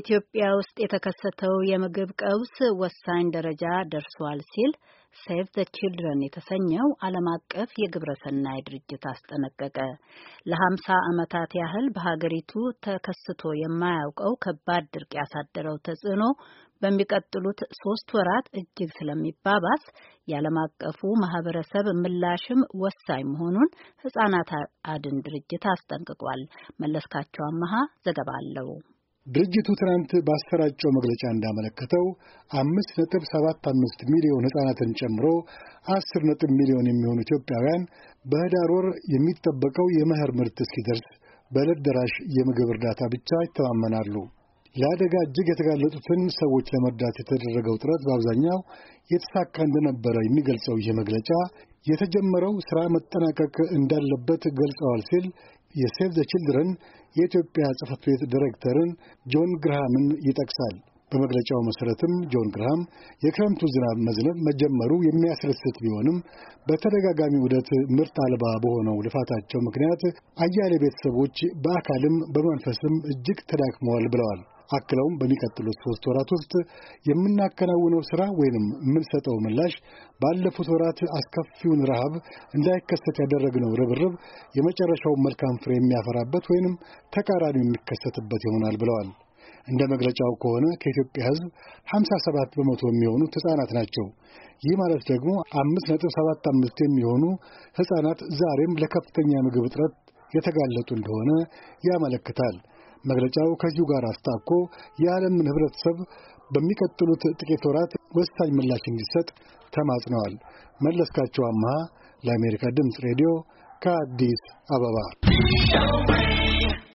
ኢትዮጵያ ውስጥ የተከሰተው የምግብ ቀውስ ወሳኝ ደረጃ ደርሷል ሲል ሴቭ ዘ ችልድረን የተሰኘው ዓለም አቀፍ የግብረሰናይ ድርጅት አስጠነቀቀ። ለሀምሳ ዓመታት ያህል በሀገሪቱ ተከስቶ የማያውቀው ከባድ ድርቅ ያሳደረው ተጽዕኖ በሚቀጥሉት ሶስት ወራት እጅግ ስለሚባባስ የዓለም አቀፉ ማህበረሰብ ምላሽም ወሳኝ መሆኑን ሕጻናት አድን ድርጅት አስጠንቅቋል። መለስካቸው አመሃ ዘገባ አለው። ድርጅቱ ትናንት ባሰራጨው መግለጫ እንዳመለከተው አምስት ነጥብ ሰባት አምስት ሚሊዮን ሕፃናትን ጨምሮ አስር ነጥብ ሚሊዮን የሚሆኑ ኢትዮጵያውያን በህዳር ወር የሚጠበቀው የመኸር ምርት እስኪደርስ በዕለት ደራሽ የምግብ እርዳታ ብቻ ይተማመናሉ። ለአደጋ እጅግ የተጋለጡትን ሰዎች ለመርዳት የተደረገው ጥረት በአብዛኛው የተሳካ እንደነበረ የሚገልጸው ይህ መግለጫ የተጀመረው ሥራ መጠናቀቅ እንዳለበት ገልጸዋል ሲል የሴቭ ዘ ችልድረን የኢትዮጵያ ጽህፈት ቤት ዲሬክተርን ጆን ግርሃምን ይጠቅሳል። በመግለጫው መሠረትም ጆን ግርሃም የክረምቱ ዝናብ መዝነብ መጀመሩ የሚያስደስት ቢሆንም በተደጋጋሚ ውደት ምርት አልባ በሆነው ልፋታቸው ምክንያት አያሌ ቤተሰቦች በአካልም በመንፈስም እጅግ ተዳክመዋል ብለዋል። አክለውም በሚቀጥሉት ሶስት ወራት ውስጥ የምናከናውነው ስራ ወይንም የምንሰጠው ምላሽ ባለፉት ወራት አስከፊውን ረሃብ እንዳይከሰት ያደረግነው ርብርብ የመጨረሻውን መልካም ፍሬ የሚያፈራበት ወይንም ተቃራኒው የሚከሰትበት ይሆናል ብለዋል። እንደ መግለጫው ከሆነ ከኢትዮጵያ ሕዝብ 57 በመቶ የሚሆኑት ሕፃናት ናቸው። ይህ ማለት ደግሞ 5.75 የሚሆኑ ሕፃናት ዛሬም ለከፍተኛ ምግብ እጥረት የተጋለጡ እንደሆነ ያመለክታል። መግለጫው ከዚሁ ጋር አስታኮ የዓለምን ህብረተሰብ በሚቀጥሉት ጥቂት ወራት ወሳኝ ምላሽ እንዲሰጥ ተማጽነዋል። መለስካቸው አማሃ ለአሜሪካ ድምፅ ሬዲዮ ከአዲስ አበባ